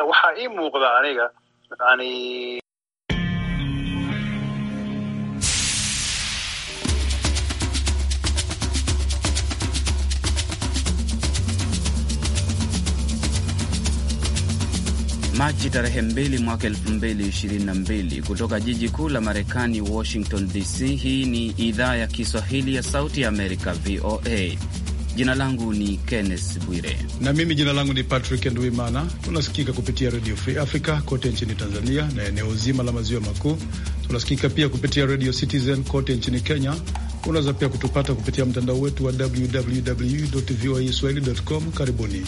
marka waxaa ii muuqda aniga yani Machi tarehe 2 mwaka 2022 kutoka jiji kuu la Marekani, Washington DC. Hii ni idhaa ya Kiswahili ya Sauti ya Amerika, VOA. Jina langu ni Kenneth Bwire. Na mimi jina langu ni Patrick Nduimana. Tunasikika kupitia Radio Free Africa kote nchini Tanzania na eneo zima la maziwa makuu. Tunasikika pia kupitia Radio Citizen kote nchini Kenya. Unaweza pia kutupata kupitia mtandao wetu wa www voa com. Karibuni.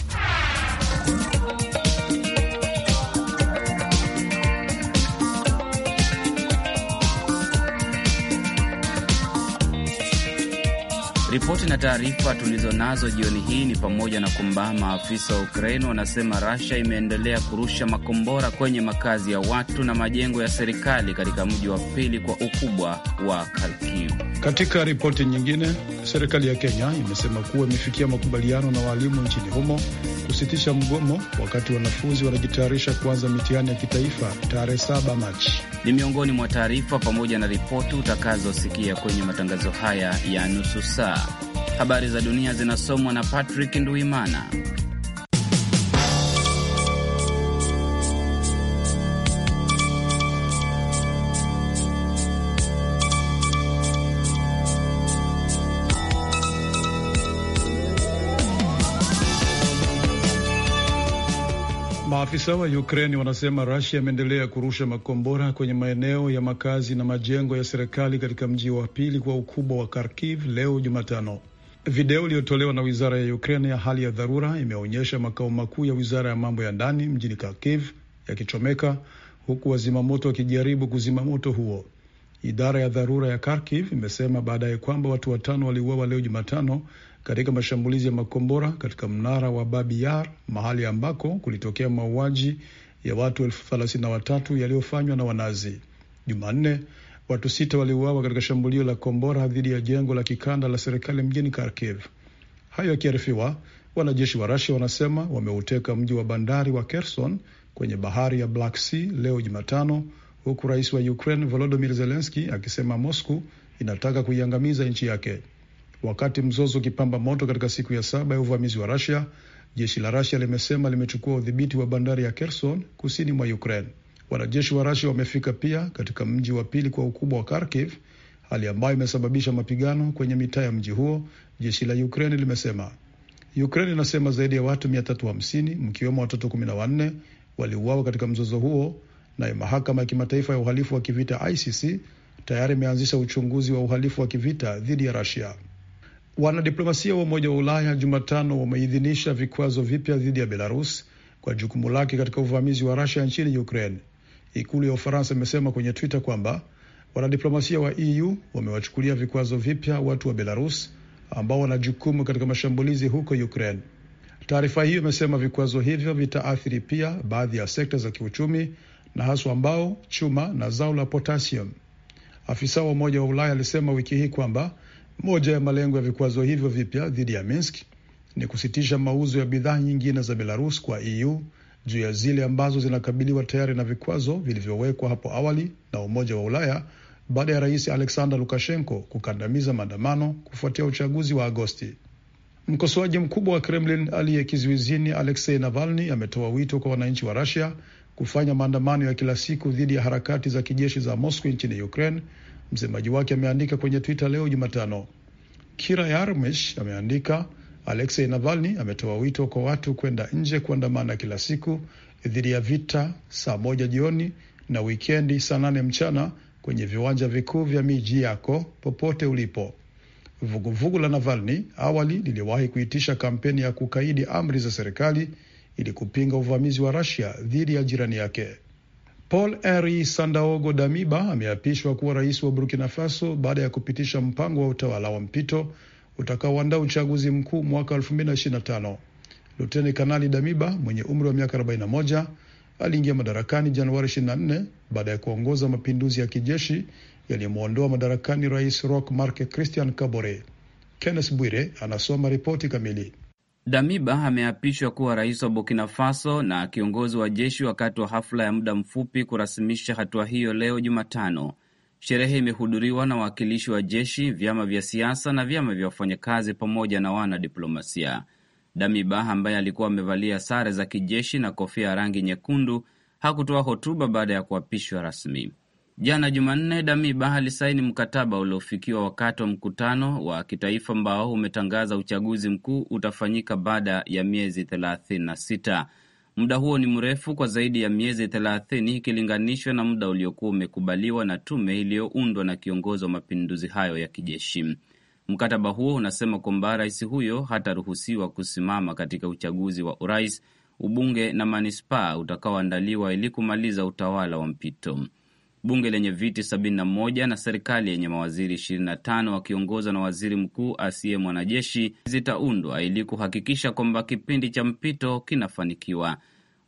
Ripoti na taarifa tulizonazo jioni hii ni pamoja na kwamba maafisa wa Ukraini wanasema Russia imeendelea kurusha makombora kwenye makazi ya watu na majengo ya serikali katika mji wa pili kwa ukubwa wa Kharkiv. Katika ripoti nyingine, serikali ya Kenya imesema kuwa imefikia makubaliano na waalimu nchini humo kusitisha mgomo wakati wanafunzi wanajitayarisha kuanza mitihani ya kitaifa tarehe sb Machi. Ni miongoni mwa taarifa pamoja na ripoti utakazosikia kwenye matangazo haya ya nusu saa. Habari za dunia zinasomwa na Patrick Nduimana. Maafisa wa Ukraini wanasema Rasia imeendelea kurusha makombora kwenye maeneo ya makazi na majengo ya serikali katika mji wa pili kwa ukubwa wa Kharkiv leo Jumatano. Video iliyotolewa na wizara ya Ukraini ya hali ya dharura imeonyesha makao makuu ya wizara ya mambo ya ndani mjini Kharkiv yakichomeka huku wazimamoto wakijaribu kuzima moto huo. Idara ya dharura ya Kharkiv imesema baadaye kwamba watu watano waliuawa leo Jumatano katika mashambulizi ya makombora katika mnara wa Babi Yar, mahali ambako kulitokea mauaji ya watu elfu thelathini na watatu yaliyofanywa na Wanazi. Jumanne, watu sita waliuawa katika shambulio la kombora dhidi ya jengo la kikanda la serikali mjini Kharkiv. Hayo yakiarifiwa, wanajeshi wa Rasia wanasema wameuteka mji wa bandari wa Kherson kwenye bahari ya Black Sea leo Jumatano, huku rais wa Ukraine Volodymyr Zelensky akisema Moscow inataka kuiangamiza nchi yake. Wakati mzozo ukipamba moto katika siku ya saba ya uvamizi wa rasia jeshi la rusia limesema limechukua udhibiti wa bandari ya Kherson kusini mwa Ukraine. Wanajeshi wa rasia wamefika pia katika mji wa pili kwa ukubwa wa Kharkiv, hali ambayo imesababisha mapigano kwenye mitaa ya mji huo, jeshi la Ukraine limesema. Ukraine inasema zaidi ya watu 350 mkiwemo watoto 14 waliuawa katika mzozo huo. naye mahakama ya kimataifa ya uhalifu wa kivita ICC tayari imeanzisha uchunguzi wa uhalifu wa kivita dhidi ya Russia. Wanadiplomasia wa Umoja wa Ulaya Jumatano wameidhinisha vikwazo vipya dhidi ya Belarus kwa jukumu lake katika uvamizi wa Rusia nchini Ukraine. Ikulu ya Ufaransa imesema kwenye Twitter kwamba wanadiplomasia wa EU wamewachukulia vikwazo vipya watu wa Belarus ambao wana jukumu katika mashambulizi huko Ukraine. Taarifa hiyo imesema vikwazo hivyo vitaathiri pia baadhi ya sekta za kiuchumi na haswa mbao, chuma na zao la potassium. Afisa wa Umoja wa Ulaya alisema wiki hii kwamba moja ya malengo ya vikwazo hivyo vipya dhidi ya Minsk ni kusitisha mauzo ya bidhaa nyingine za Belarus kwa EU juu ya zile ambazo zinakabiliwa tayari na vikwazo vilivyowekwa hapo awali na Umoja wa Ulaya baada ya Rais Alexander Lukashenko kukandamiza maandamano kufuatia uchaguzi wa Agosti. Mkosoaji mkubwa wa Kremlin aliye kizuizini Alexei Navalny ametoa wito kwa wananchi wa rasia kufanya maandamano ya kila siku dhidi ya harakati za kijeshi za Moscow nchini Ukraine Msemaji wake ameandika kwenye Twitter leo Jumatano. Kira Yarmish ameandika Alexei Navalny ametoa wito kwa watu kwenda nje kuandamana kila siku dhidi ya vita saa moja jioni na wikendi saa nane mchana kwenye viwanja vikuu vya miji yako popote ulipo. Vuguvugu vugu la Navalny awali liliwahi kuitisha kampeni ya kukaidi amri za serikali ili kupinga uvamizi wa Russia dhidi ya jirani yake. Paul Henri Sandaogo Damiba ameapishwa kuwa rais wa Burkina Faso baada ya kupitisha mpango wa utawala wa mpito utakaoandaa uchaguzi mkuu mwaka 2025. Luteni Kanali Damiba mwenye umri wa miaka 41 aliingia madarakani Januari 24 baada ya kuongoza mapinduzi ya kijeshi yaliyomwondoa madarakani rais Roch Marc Christian Kabore. Kenneth Bwire anasoma ripoti kamili. Damiba ameapishwa kuwa rais wa Burkina Faso na kiongozi wa jeshi wakati wa hafla ya muda mfupi kurasimisha hatua hiyo leo Jumatano. Sherehe imehudhuriwa na wawakilishi wa jeshi, vyama vya siasa na vyama vya wafanyakazi pamoja na wanadiplomasia. Damiba ambaye alikuwa amevalia sare za kijeshi na kofia ya rangi nyekundu hakutoa hotuba baada ya kuapishwa rasmi. Jana Jumanne, Damiba alisaini mkataba uliofikiwa wakati wa mkutano wa kitaifa ambao umetangaza uchaguzi mkuu utafanyika baada ya miezi 36. Muda huo ni mrefu kwa zaidi ya miezi 30 ikilinganishwa na muda uliokuwa umekubaliwa na tume iliyoundwa na kiongozi wa mapinduzi hayo ya kijeshi. Mkataba huo unasema kwamba rais huyo hataruhusiwa kusimama katika uchaguzi wa urais, ubunge na manispaa utakaoandaliwa ili kumaliza utawala wa mpito bunge lenye viti 71 na serikali yenye mawaziri 25 wakiongozwa na waziri mkuu asiye mwanajeshi zitaundwa ili kuhakikisha kwamba kipindi cha mpito kinafanikiwa.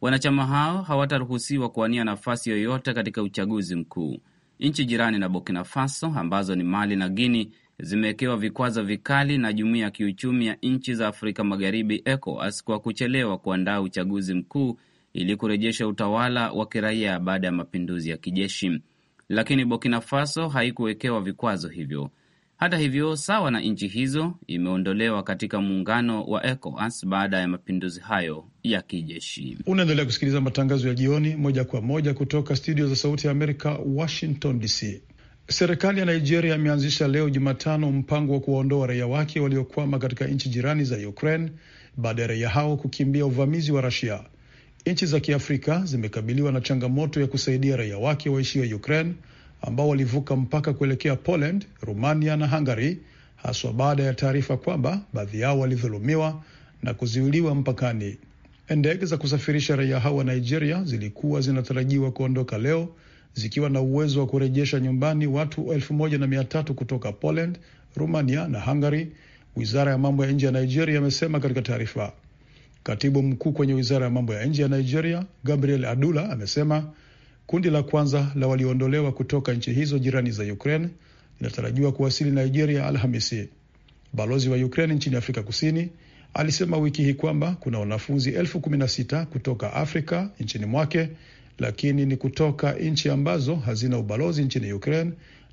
Wanachama hao hawataruhusiwa kuwania nafasi yoyote katika uchaguzi mkuu. Nchi jirani na Burkina Faso ambazo ni Mali na Guini zimewekewa vikwazo vikali na jumuiya ya kiuchumi ya nchi za Afrika Magharibi, ECOWAS, kwa kuchelewa kuandaa uchaguzi mkuu ili kurejesha utawala wa kiraia baada ya mapinduzi ya kijeshi, lakini Burkina Faso haikuwekewa vikwazo hivyo. Hata hivyo, sawa na nchi hizo, imeondolewa katika muungano wa ECOWAS baada ya mapinduzi hayo ya kijeshi. Unaendelea kusikiliza matangazo ya jioni moja kwa moja kutoka studio za Sauti ya Amerika, Washington DC. Serikali ya Nigeria imeanzisha leo Jumatano mpango wa kuwaondoa raia wake waliokwama katika nchi jirani za Ukraine baada ya raia hao kukimbia uvamizi wa Rasia. Nchi za Kiafrika zimekabiliwa na changamoto ya kusaidia raia wake waishio Ukraine ambao walivuka mpaka kuelekea Poland, Rumania na Hungary, haswa baada ya taarifa kwamba baadhi yao walidhulumiwa na kuzuiliwa mpakani. Ndege za kusafirisha raia hao wa Nigeria zilikuwa zinatarajiwa kuondoka leo zikiwa na uwezo wa kurejesha nyumbani watu elfu moja na mia tatu kutoka Poland, Rumania na Hungary, wizara ya mambo ya nje ya Nigeria imesema katika taarifa. Katibu mkuu kwenye wizara ya mambo ya nje ya Nigeria, Gabriel Adula, amesema kundi la kwanza la walioondolewa kutoka nchi hizo jirani za Ukraine linatarajiwa kuwasili Nigeria Alhamisi. Balozi wa Ukraine nchini Afrika Kusini alisema wiki hii kwamba kuna wanafunzi elfu kumi na sita kutoka Afrika nchini mwake, lakini ni kutoka nchi ambazo hazina ubalozi nchini Ukraine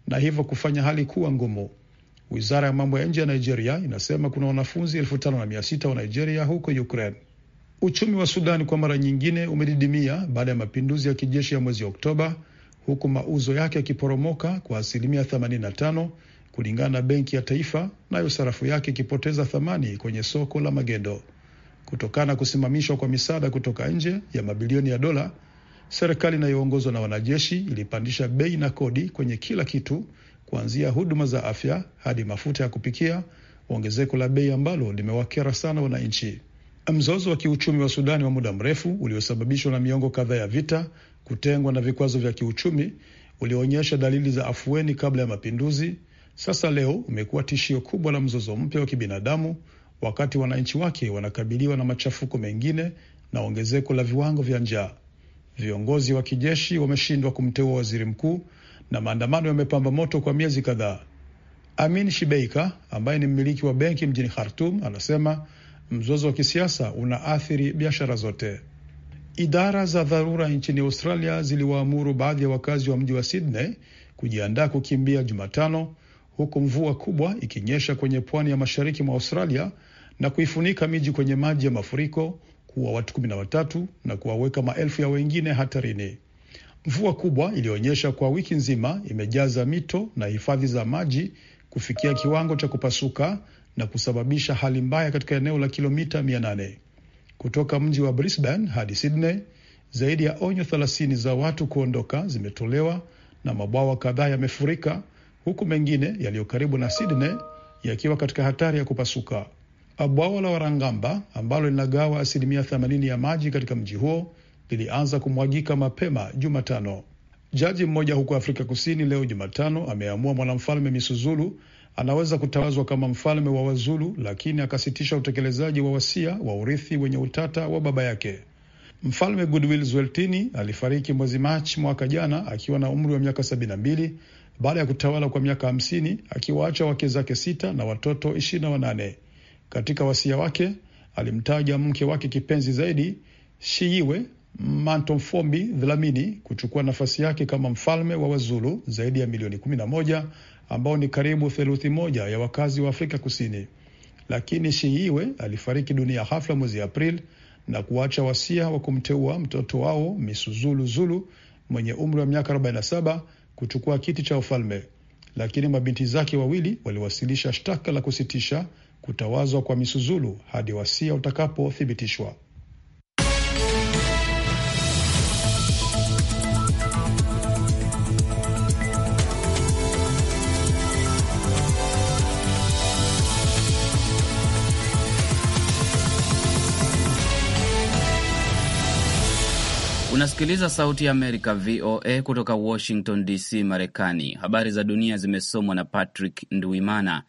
na hivyo kufanya hali kuwa ngumu. Wizara ya mambo ya nje ya Nigeria inasema kuna wanafunzi elfu tano na mia sita wa Nigeria huko Ukraine. Uchumi wa Sudan kwa mara nyingine umedidimia baada ya mapinduzi ya kijeshi ya mwezi Oktoba, huku mauzo yake yakiporomoka kwa asilimia 85 kulingana na Benki ya Taifa, nayo sarafu yake ikipoteza thamani kwenye soko la magendo kutokana na kusimamishwa kwa misaada kutoka nje ya mabilioni ya dola. Serikali inayoongozwa na wanajeshi ilipandisha bei na kodi kwenye kila kitu kuanzia huduma za afya hadi mafuta ya kupikia, ongezeko la bei ambalo limewakera sana wananchi. Mzozo wa kiuchumi wa Sudani wa muda mrefu uliosababishwa na miongo kadhaa ya vita, kutengwa na vikwazo vya kiuchumi, ulioonyesha dalili za afueni kabla ya mapinduzi, sasa leo umekuwa tishio kubwa la mzozo mpya wa kibinadamu, wakati wananchi wake wanakabiliwa na machafuko mengine na ongezeko la viwango vya njaa. Viongozi wa kijeshi wameshindwa kumteua waziri mkuu na maandamano yamepamba moto kwa miezi kadhaa. Amin Shibeika ambaye ni mmiliki wa benki mjini Khartum anasema mzozo wa kisiasa unaathiri biashara zote. Idara za dharura nchini Australia ziliwaamuru baadhi ya wakazi wa mji wa Sydney kujiandaa kukimbia Jumatano, huku mvua kubwa ikinyesha kwenye pwani ya mashariki mwa Australia na kuifunika miji kwenye maji ya mafuriko kuwa watu kumi na watatu na kuwaweka maelfu ya wengine hatarini. Mvua kubwa iliyoonyesha kwa wiki nzima imejaza mito na hifadhi za maji kufikia kiwango cha kupasuka na kusababisha hali mbaya katika eneo la kilomita 800 kutoka mji wa Brisbane hadi Sydney. Zaidi ya onyo 30 za watu kuondoka zimetolewa na mabwawa kadhaa yamefurika, huku mengine yaliyo karibu na Sydney yakiwa katika hatari ya kupasuka. Bwawa la Warangamba ambalo linagawa asilimia 80 ya maji katika mji huo lilianza kumwagika mapema Jumatano. Jaji mmoja huko Afrika Kusini leo Jumatano ameamua mwanamfalme Misuzulu anaweza kutawazwa kama mfalme wa Wazulu, lakini akasitisha utekelezaji wa wasia wa urithi wenye utata wa baba yake. Mfalme Goodwill Zwelithini alifariki mwezi Machi mwaka jana akiwa na umri wa miaka sabini na mbili baada ya kutawala kwa miaka hamsini akiwaacha wake zake sita na watoto ishirini wanane. Katika wasia wake alimtaja mke wake kipenzi zaidi Shiiwe Mantomfombi Dlamini kuchukua nafasi yake kama mfalme wa Wazulu zaidi ya milioni 11 ambao ni karibu theluthi moja ya wakazi wa Afrika Kusini. Lakini Shiiwe alifariki dunia hafla mwezi april na kuacha wasia wa kumteua mtoto wao Misuzulu Zulu mwenye umri wa miaka 47 kuchukua kiti cha ufalme. Lakini mabinti zake wawili waliwasilisha shtaka la kusitisha kutawazwa kwa Misuzulu hadi wasia utakapothibitishwa. Unasikiliza Sauti ya Amerika, VOA, kutoka Washington DC, Marekani. Habari za dunia zimesomwa na Patrick Nduimana.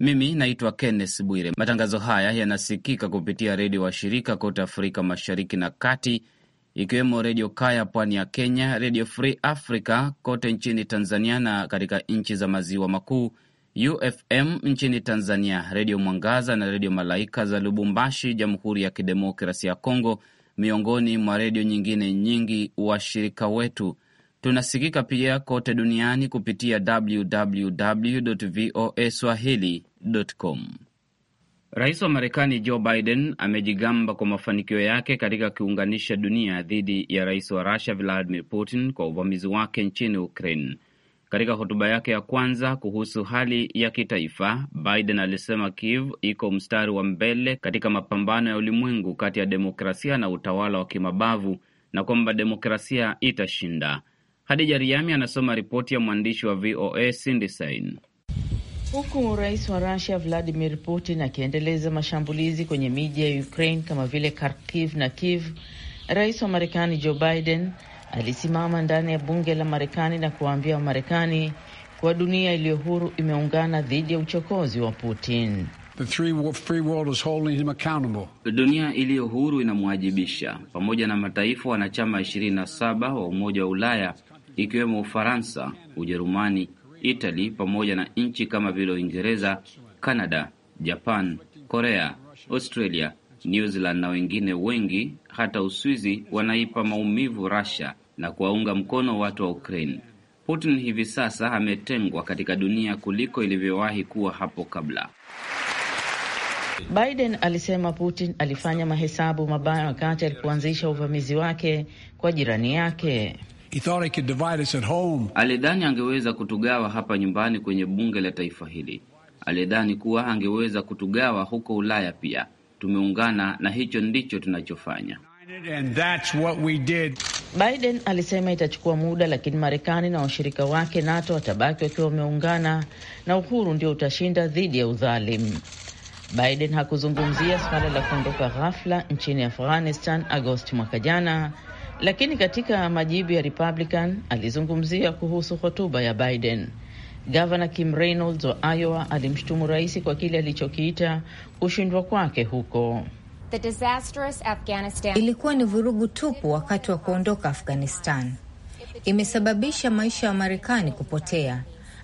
Mimi naitwa Kenneth Bwire. Matangazo haya yanasikika kupitia redio wa shirika kote Afrika Mashariki na Kati, ikiwemo Redio Kaya pwani ya Kenya, Redio Free Africa kote nchini Tanzania na katika nchi za maziwa makuu, UFM nchini Tanzania, Redio Mwangaza na Redio Malaika za Lubumbashi, Jamhuri ya Kidemokrasi ya congo miongoni mwa redio nyingine nyingi washirika wetu. Tunasikika pia kote duniani kupitia www voa swahili.com. Rais wa Marekani Joe Biden amejigamba kwa mafanikio yake katika kuunganisha dunia dhidi ya rais wa Rusia Vladimir Putin kwa uvamizi wake nchini Ukraine. Katika hotuba yake ya kwanza kuhusu hali ya kitaifa, Biden alisema Kiev iko mstari wa mbele katika mapambano ya ulimwengu kati ya demokrasia na utawala wa kimabavu na kwamba demokrasia itashinda. Hadija Riami anasoma ripoti ya mwandishi wa VOA Cindy Huku rais wa Rusia Vladimir Putin akiendeleza mashambulizi kwenye miji ya Ukraine kama vile Kharkiv na Kiev, rais wa Marekani Joe Biden alisimama ndani ya bunge la Marekani na kuwaambia Wamarekani kuwa dunia iliyo huru imeungana dhidi ya uchokozi wa Putin. The free world is holding him accountable. Dunia iliyo huru inamwajibisha pamoja na mataifa wanachama 27 wa Umoja wa Ulaya ikiwemo Ufaransa, Ujerumani, Itali pamoja na nchi kama vile Uingereza, Kanada, Japan, Korea, Australia New Zealand na wengine wengi, hata Uswizi, wanaipa maumivu Russia na kuwaunga mkono watu wa Ukraine. Putin hivi sasa ametengwa katika dunia kuliko ilivyowahi kuwa hapo kabla. Biden alisema Putin alifanya mahesabu mabaya wakati alipoanzisha uvamizi wake kwa jirani yake. He thought he could divide us at home. Alidhani angeweza kutugawa hapa nyumbani kwenye bunge la taifa hili. Alidhani kuwa angeweza kutugawa huko Ulaya pia. Tumeungana na hicho ndicho tunachofanya. And that's what we did. Biden alisema itachukua muda, lakini Marekani na washirika wake NATO watabaki wakiwa wameungana na uhuru ndio utashinda dhidi ya udhalimu. Biden hakuzungumzia suala la kuondoka ghafla nchini Afghanistan Agosti mwaka jana, lakini katika majibu ya Republican alizungumzia kuhusu hotuba ya Biden Gavana Kim Reynolds wa Iowa alimshutumu rais kwa kile alichokiita kushindwa kwake huko. The disastrous Afghanistan... ilikuwa ni vurugu tupu wakati wa kuondoka Afghanistan, imesababisha maisha ya Marekani kupotea.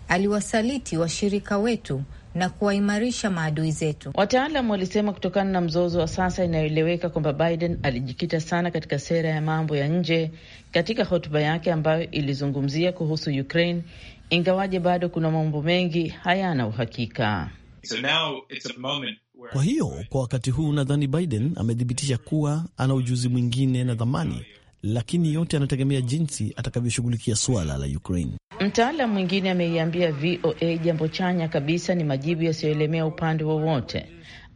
Aliwasaliti washirika wetu na kuwaimarisha maadui zetu. Wataalam walisema kutokana na mzozo wa sasa, inayoeleweka kwamba Biden alijikita sana katika sera ya mambo ya nje katika hotuba yake ambayo ilizungumzia kuhusu Ukraine ingawaje bado kuna mambo mengi hayana uhakika. So now it's a moment where... Kwa hiyo kwa wakati huu nadhani Biden amethibitisha kuwa ana ujuzi mwingine na dhamani, lakini yote anategemea jinsi atakavyoshughulikia suala la Ukraine. Mtaalam mwingine ameiambia VOA jambo chanya kabisa ni majibu yasiyoelemea upande wowote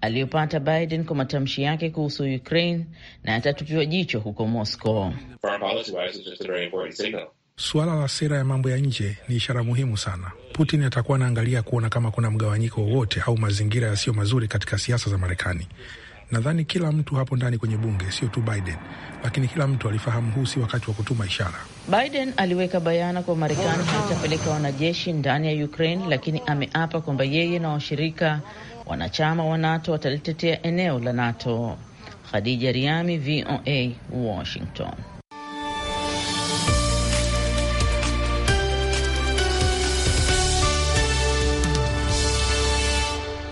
aliyopata Biden kwa matamshi yake kuhusu Ukraine na atatupiwa jicho huko Moscow suala la sera ya mambo ya nje ni ishara muhimu sana. Putin atakuwa anaangalia kuona kama kuna mgawanyiko wowote au mazingira yasiyo mazuri katika siasa za Marekani. Nadhani kila mtu hapo ndani kwenye bunge, sio tu Biden, lakini kila mtu alifahamu huu si wakati wa kutuma ishara. Biden aliweka bayana kwa Marekani haitapeleka wanajeshi ndani ya Ukraine, lakini ameapa kwamba yeye na washirika wanachama wa NATO watalitetea eneo la NATO. Khadija Riami, VOA, Washington.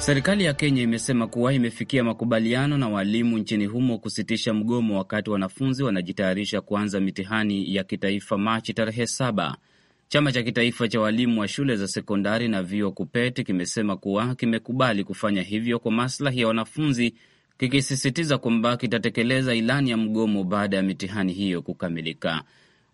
Serikali ya Kenya imesema kuwa imefikia makubaliano na walimu nchini humo kusitisha mgomo wakati wanafunzi wanajitayarisha kuanza mitihani ya kitaifa Machi tarehe saba. Chama cha kitaifa cha walimu wa shule za sekondari na vyuo kupeti kimesema kuwa kimekubali kufanya hivyo kwa maslahi ya wanafunzi, kikisisitiza kwamba kitatekeleza ilani ya mgomo baada ya mitihani hiyo kukamilika.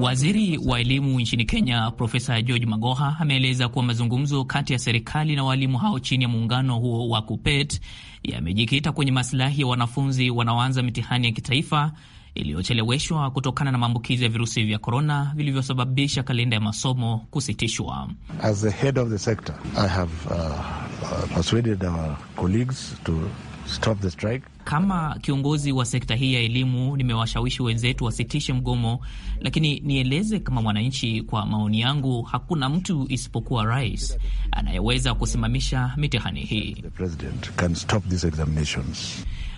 Waziri wa elimu nchini Kenya Profesa George Magoha ameeleza kuwa mazungumzo kati ya serikali na waalimu hao chini ya muungano huo wa kupet yamejikita kwenye masilahi ya wanafunzi wanaoanza mitihani ya kitaifa iliyocheleweshwa kutokana na maambukizi ya virusi vya korona vilivyosababisha kalenda ya masomo kusitishwa. As the head of the sector, I have, uh, uh, persuaded our colleagues to stop the strike. Kama kiongozi wa sekta hii ya elimu, nimewashawishi wenzetu wasitishe mgomo, lakini nieleze kama mwananchi, kwa maoni yangu, hakuna mtu isipokuwa rais anayeweza kusimamisha mitihani hii.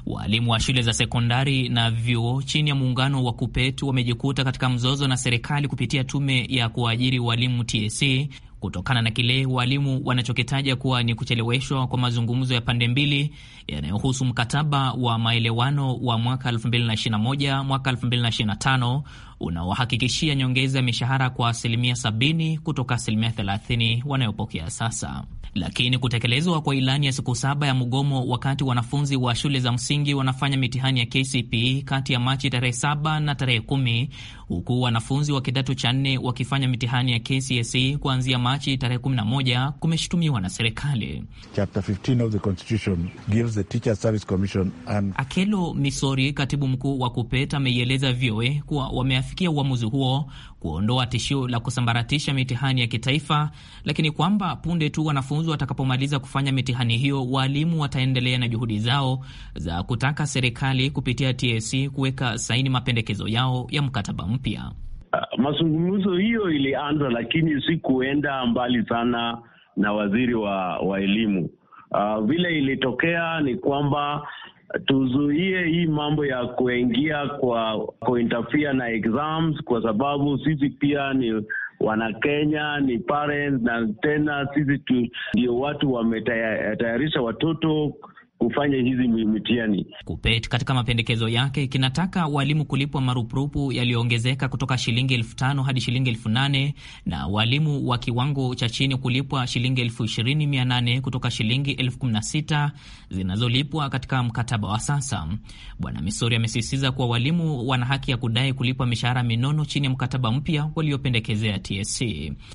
Waalimu wa shule za sekondari na vyuo chini ya muungano wa kupetu wamejikuta katika mzozo na serikali kupitia tume ya kuajiri walimu TSC kutokana na kile walimu wanachokitaja kuwa ni kucheleweshwa kwa mazungumzo ya pande mbili yanayohusu mkataba wa maelewano wa mwaka 2021 mwaka 2025 unaohakikishia nyongeza ya mishahara kwa asilimia 70 kutoka asilimia 30 wanayopokea sasa. Lakini kutekelezwa kwa ilani ya siku saba ya mgomo wakati wanafunzi wa shule za msingi wanafanya mitihani ya KCPE kati ya Machi tarehe saba na tarehe kumi huku wanafunzi wa kidato cha nne wakifanya mitihani ya KCSE kuanzia Machi tarehe 11 kumeshutumiwa na serikali. Akelo Misori, katibu mkuu wa kupet ameieleza VOA kuwa wameafikia uamuzi huo kuondoa tishio la kusambaratisha mitihani ya kitaifa, lakini kwamba punde tu wanafunzi watakapomaliza kufanya mitihani hiyo, waalimu wataendelea na juhudi zao za kutaka serikali kupitia TSC kuweka saini mapendekezo yao ya mkataba mpya. Uh, mazungumzo hiyo ilianza, lakini si kuenda mbali sana na waziri wa, wa elimu. Uh, vile ilitokea ni kwamba tuzuie hii mambo ya kuingia kwa kuinterfere na exams, kwa sababu sisi pia ni Wanakenya ni parents, na tena sisi ndio watu wametayarisha watoto kufanya hizi mitihani. KUPET katika mapendekezo yake kinataka walimu kulipwa marupurupu yaliyoongezeka kutoka shilingi elfu tano hadi shilingi elfu nane na walimu wa kiwango cha chini kulipwa shilingi elfu ishirini mia nane kutoka shilingi elfu kumi na sita zinazolipwa katika mkataba wa sasa. Bwana Misori amesisitiza kuwa walimu wana haki ya kudai kulipwa mishahara minono chini ya mkataba mpya waliopendekezea TSC.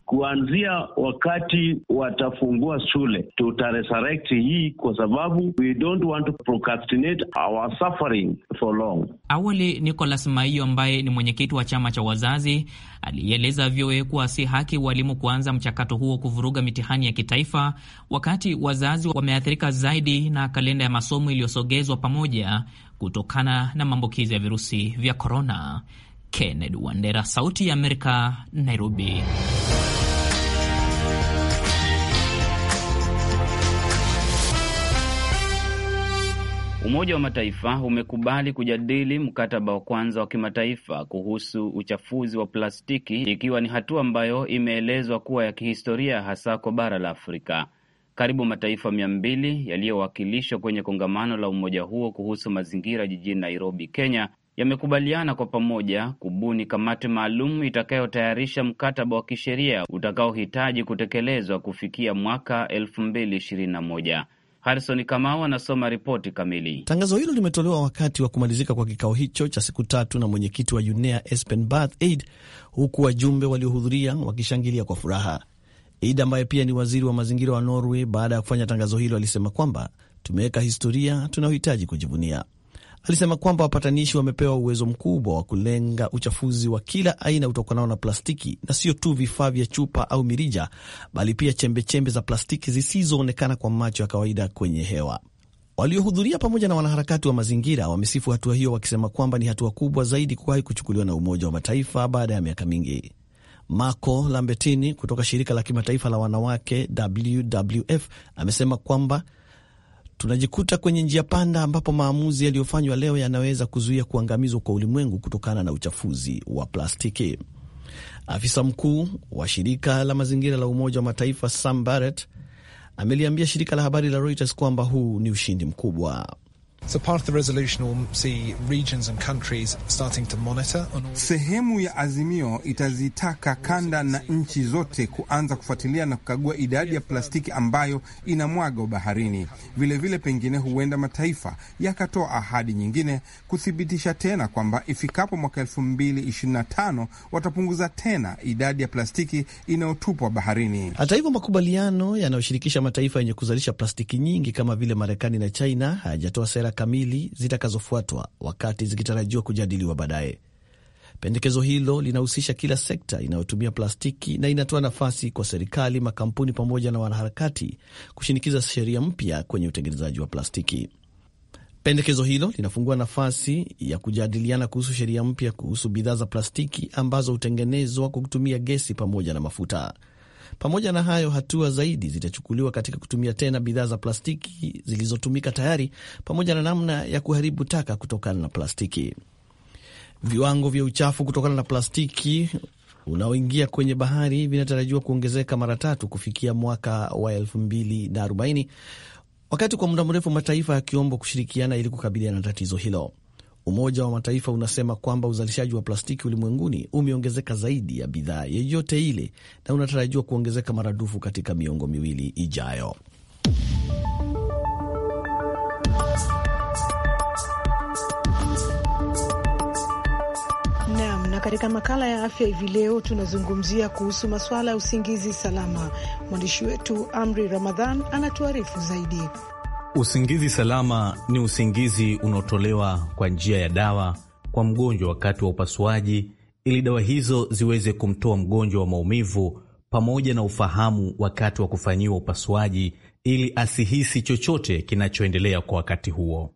Kuanzia wakati watafungua shule tutaresurrect hii kwa sababu don't want to procrastinate our suffering for long. Awali, Nicholas Maiyo ambaye ni mwenyekiti wa chama cha wazazi alieleza VOA kuwa si haki walimu kuanza mchakato huo kuvuruga mitihani ya kitaifa wakati wazazi wameathirika zaidi na kalenda ya masomo iliyosogezwa pamoja kutokana na maambukizi ya virusi vya korona. Kennedy Wandera, Sauti ya Amerika, Nairobi. Umoja wa Mataifa umekubali kujadili mkataba wa kwanza wa kimataifa kuhusu uchafuzi wa plastiki, ikiwa ni hatua ambayo imeelezwa kuwa ya kihistoria, hasa kwa bara la Afrika. Karibu mataifa mia mbili yaliyowakilishwa kwenye kongamano la umoja huo kuhusu mazingira jijini Nairobi, Kenya, yamekubaliana kwa pamoja kubuni kamati maalum itakayotayarisha mkataba wa kisheria utakaohitaji kutekelezwa kufikia mwaka elfu mbili ishirini na moja. Harison Kamau anasoma ripoti kamili. Tangazo hilo limetolewa wakati wa kumalizika kwa kikao hicho cha siku tatu na mwenyekiti wa UNEA Espen Barth Aid, huku wajumbe waliohudhuria wakishangilia kwa furaha. Aid ambaye pia ni waziri wa mazingira wa Norway, baada ya kufanya tangazo hilo alisema kwamba tumeweka historia tunayohitaji kujivunia alisema kwamba wapatanishi wamepewa uwezo mkubwa wa kulenga uchafuzi wa kila aina utokanao na plastiki na sio tu vifaa vya chupa au mirija, bali pia chembechembe za plastiki zisizoonekana kwa macho ya kawaida kwenye hewa. Waliohudhuria pamoja na wanaharakati wa mazingira wamesifu hatua hiyo, wakisema kwamba ni hatua kubwa zaidi kuwahi kuchukuliwa na Umoja wa Mataifa baada ya miaka mingi. Marco Lambertini kutoka shirika la kimataifa la wanawake WWF amesema kwamba tunajikuta kwenye njia panda ambapo maamuzi yaliyofanywa leo yanaweza kuzuia kuangamizwa kwa ulimwengu kutokana na uchafuzi wa plastiki. Afisa mkuu wa shirika la mazingira la Umoja wa Mataifa Sam Barrett ameliambia shirika la habari la Reuters kwamba huu ni ushindi mkubwa. So part of the resolution will see regions and countries starting to monitor. Sehemu ya azimio itazitaka kanda na nchi zote kuanza kufuatilia na kukagua idadi ya plastiki ambayo inamwagwa baharini. Vilevile vile pengine huenda mataifa yakatoa ahadi nyingine kuthibitisha tena kwamba ifikapo mwaka 2025 watapunguza tena idadi ya plastiki inayotupwa baharini. Hata hivyo, makubaliano yanayoshirikisha mataifa yenye kuzalisha plastiki nyingi kama vile Marekani na China hayajatoa sera kamili zitakazofuatwa wakati zikitarajiwa kujadiliwa baadaye. Pendekezo hilo linahusisha kila sekta inayotumia plastiki na inatoa nafasi kwa serikali, makampuni pamoja na wanaharakati kushinikiza sheria mpya kwenye utengenezaji wa plastiki. Pendekezo hilo linafungua nafasi ya kujadiliana kuhusu sheria mpya kuhusu bidhaa za plastiki ambazo hutengenezwa kwa kutumia gesi pamoja na mafuta. Pamoja na hayo, hatua zaidi zitachukuliwa katika kutumia tena bidhaa za plastiki zilizotumika tayari pamoja na namna ya kuharibu taka kutokana na plastiki. Viwango vya uchafu kutokana na plastiki unaoingia kwenye bahari vinatarajiwa kuongezeka mara tatu kufikia mwaka wa 2040 wakati kwa muda mrefu mataifa yakiombwa kushirikiana ili kukabiliana na tatizo hilo. Umoja wa Mataifa unasema kwamba uzalishaji wa plastiki ulimwenguni umeongezeka zaidi ya bidhaa yeyote ile na unatarajiwa kuongezeka maradufu katika miongo miwili ijayo. Katika makala ya afya hivi leo tunazungumzia kuhusu masuala ya usingizi salama. Mwandishi wetu Amri Ramadhan anatuarifu zaidi. Usingizi salama ni usingizi unaotolewa kwa njia ya dawa kwa mgonjwa wakati wa upasuaji ili dawa hizo ziweze kumtoa mgonjwa wa maumivu pamoja na ufahamu wakati wa kufanyiwa upasuaji ili asihisi chochote kinachoendelea kwa wakati huo.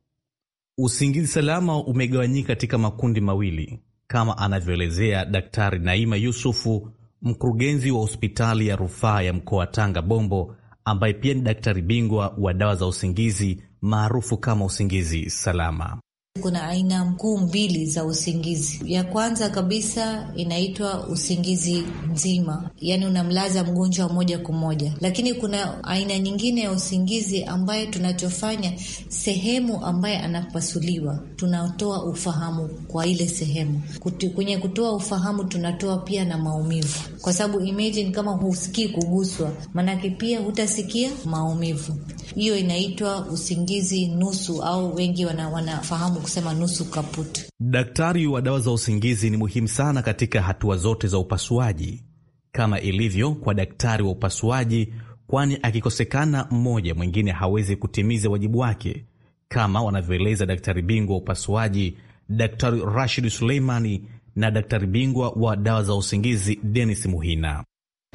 Usingizi salama umegawanyika katika makundi mawili kama anavyoelezea Daktari Naima Yusufu, mkurugenzi wa hospitali ya rufaa ya mkoa wa Tanga Bombo, ambaye pia ni daktari bingwa wa dawa za usingizi maarufu kama usingizi salama. Kuna aina kuu mbili za usingizi. Ya kwanza kabisa inaitwa usingizi mzima, yaani unamlaza mgonjwa moja kwa moja, lakini kuna aina nyingine ya usingizi ambayo tunachofanya sehemu ambaye anapasuliwa, tunatoa ufahamu kwa ile sehemu. Kutu, kwenye kutoa ufahamu tunatoa pia na maumivu, kwa sababu imagine kama husikii kuguswa, maanake pia hutasikia maumivu. Hiyo inaitwa usingizi nusu, au wengi wana, wanafahamu kusema nusu kaput. Daktari wa dawa za usingizi ni muhimu sana katika hatua zote za upasuaji, kama ilivyo kwa daktari wa upasuaji, kwani akikosekana mmoja, mwingine hawezi kutimiza wajibu wake, kama wanavyoeleza daktari bingwa wa upasuaji Daktari Rashid Suleimani na daktari bingwa wa dawa za usingizi denis Muhina.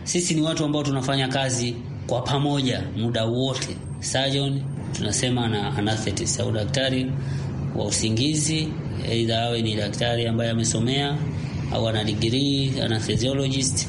Sisi ni watu ambao tunafanya kazi kwa pamoja muda wote, surgeon tunasema na anesthetist au daktari wa usingizi, aidha awe ni daktari ambaye amesomea au ana degree, anesthesiologist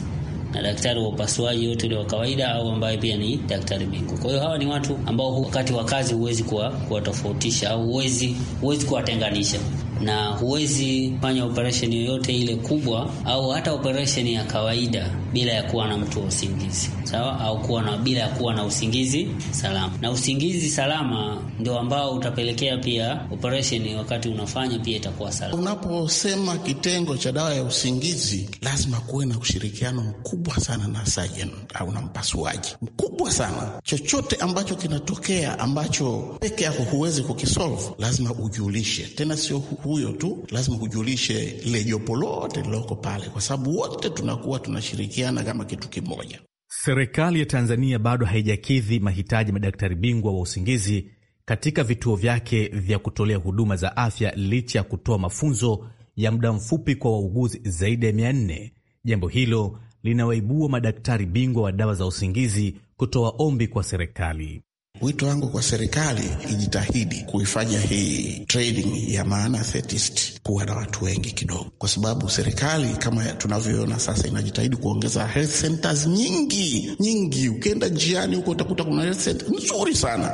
na daktari wa upasuaji wote ule wa kawaida au ambaye pia ni daktari bingwa. Kwa hiyo hawa ni watu ambao wakati wa kazi huwezi kuwatofautisha au huwezi huwezi kuwatenganisha na huwezi fanya operesheni yoyote ile kubwa au hata operesheni ya kawaida bila ya kuwa na mtu wa usingizi sawa, au kuwa na bila ya kuwa na usingizi salama. Na usingizi salama ndio ambao utapelekea pia operesheni wakati unafanya pia itakuwa salama. Unaposema kitengo cha dawa ya usingizi, lazima kuwe na ushirikiano mkubwa sana na surgeon au na mpasuaji mkubwa sana. Chochote ambacho kinatokea ambacho peke yako huwezi kukisolve, lazima ujulishe, tena sio huyo tu, lazima hujulishe lile jopo lote lililoko pale, kwa sababu wote tunakuwa tunashirikiana kama kitu kimoja. Serikali ya Tanzania bado haijakidhi mahitaji madaktari bingwa wa usingizi katika vituo vyake vya kutolea huduma za afya licha ya kutoa mafunzo ya muda mfupi kwa wauguzi zaidi ya mia nne. Jambo hilo linawaibua madaktari bingwa wa dawa za usingizi kutoa ombi kwa serikali. Wito wangu kwa serikali ijitahidi kuifanya hii trading ya maana thetist kuwa na watu wengi kidogo, kwa sababu serikali kama tunavyoona sasa inajitahidi kuongeza health centers nyingi nyingi. Ukienda njiani huko utakuta kuna health center nzuri sana.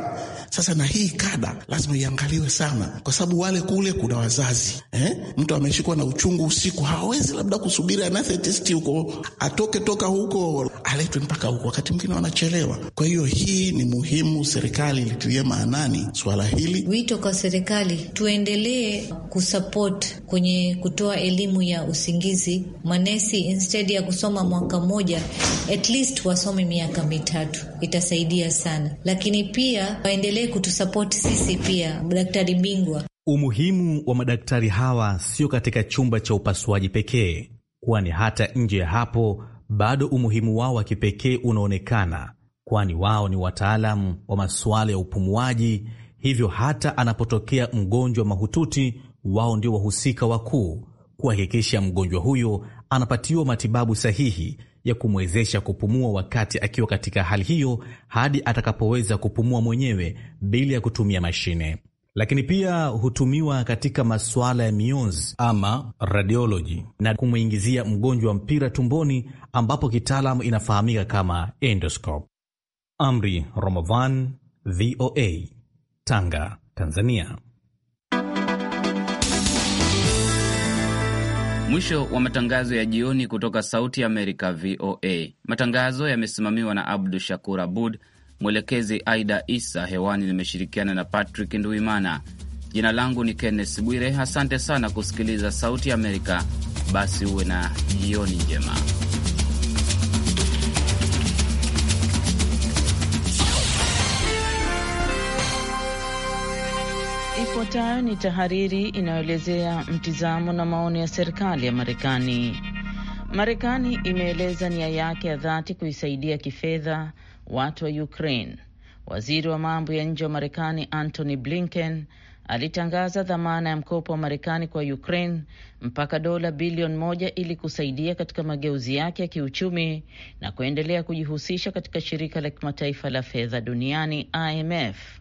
Sasa na hii kada lazima iangaliwe sana, kwa sababu wale kule kuna wazazi eh? Mtu ameshikwa na uchungu usiku hawezi labda kusubiri anathetist huko atoke toka huko aletwe mpaka huko, wakati mwingine wanachelewa. Kwa hiyo hii ni muhimu, serikali ilitilie maanani swala hili. Wito kwa serikali tuendelee kusupport kwenye kutoa elimu ya usingizi, manesi instead ya kusoma mwaka mmoja, at least wasome miaka mitatu, itasaidia sana, lakini pia waendelee kutusapoti sisi pia daktari bingwa. Umuhimu wa madaktari hawa sio katika chumba cha upasuaji pekee, kwani hata nje ya hapo bado umuhimu wao wa kipekee unaonekana, kwani wao ni wataalamu wa masuala ya upumuaji. Hivyo hata anapotokea mgonjwa mahututi wao ndio wahusika wakuu kuhakikisha mgonjwa huyo anapatiwa matibabu sahihi ya kumwezesha kupumua wakati akiwa katika hali hiyo hadi atakapoweza kupumua mwenyewe bila ya kutumia mashine. Lakini pia hutumiwa katika masuala ya mionzi ama radioloji na kumwingizia mgonjwa mpira tumboni, ambapo kitaalamu inafahamika kama endoscope. Amri Ramadhan, VOA, Tanga, Tanzania. Mwisho wa matangazo ya jioni kutoka Sauti ya Amerika, VOA. Matangazo yamesimamiwa na Abdu Shakur Abud, mwelekezi Aida Isa. Hewani nimeshirikiana na Patrick Nduimana. Jina langu ni Kenneth Bwire. Asante sana kusikiliza Sauti ya Amerika. Basi uwe na jioni njema. Ifuatayo ni tahariri inayoelezea mtizamo na maoni ya serikali ya Marekani. Marekani imeeleza nia yake ya dhati kuisaidia kifedha watu wa Ukraine. Waziri wa mambo ya nje wa Marekani Antony Blinken alitangaza dhamana ya mkopo wa Marekani kwa Ukraine mpaka dola bilioni moja ili kusaidia katika mageuzi yake ya kiuchumi na kuendelea kujihusisha katika shirika la kimataifa la fedha duniani IMF.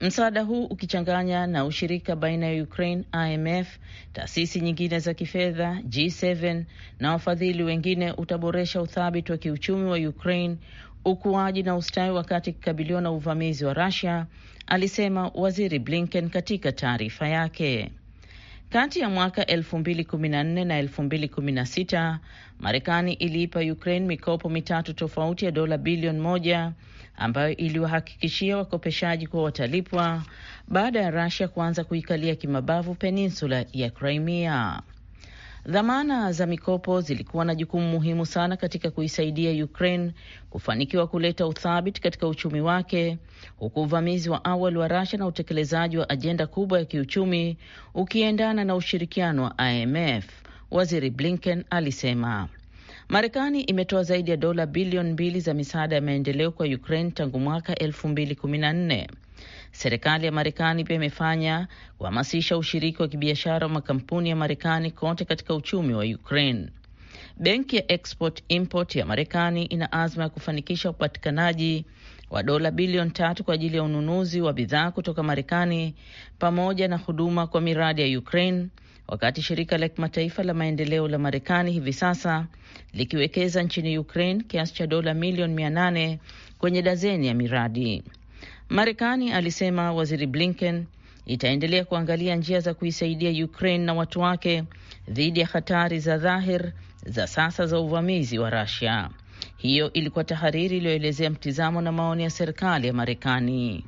Msaada huu ukichanganya na ushirika baina ya Ukraine, IMF, taasisi nyingine za kifedha, G7 na wafadhili wengine utaboresha uthabiti wa kiuchumi wa Ukraine, ukuaji na ustawi, wakati ikikabiliwa na uvamizi wa Russia, alisema Waziri Blinken katika taarifa yake. Kati ya mwaka 2014 na 2016 Marekani iliipa Ukraine mikopo mitatu tofauti ya dola bilioni moja ambayo iliwahakikishia wakopeshaji kuwa watalipwa baada ya Russia kuanza kuikalia kimabavu peninsula ya Crimea. Dhamana za mikopo zilikuwa na jukumu muhimu sana katika kuisaidia Ukraine kufanikiwa kuleta uthabiti katika uchumi wake, huku uvamizi wa awali wa Russia na utekelezaji wa ajenda kubwa ya kiuchumi ukiendana na ushirikiano wa IMF, Waziri Blinken alisema. Marekani imetoa zaidi ya dola bilioni mbili za misaada ya maendeleo kwa Ukraine tangu mwaka elfu mbili kumi na nne. Serikali ya Marekani pia imefanya kuhamasisha ushiriki wa kibiashara wa makampuni ya Marekani kote katika uchumi wa Ukraine. Benki ya Export Import ya Marekani ina azma ya kufanikisha upatikanaji wa dola bilioni tatu kwa ajili ya ununuzi wa bidhaa kutoka Marekani pamoja na huduma kwa miradi ya Ukraine wakati shirika la kimataifa la maendeleo la Marekani hivi sasa likiwekeza nchini Ukraine kiasi cha dola milioni 8 kwenye dazeni ya miradi. Marekani, alisema Waziri Blinken, itaendelea kuangalia njia za kuisaidia Ukraine na watu wake dhidi ya hatari za dhahir za sasa za uvamizi wa Russia. Hiyo ilikuwa tahariri iliyoelezea mtizamo na maoni ya serikali ya Marekani.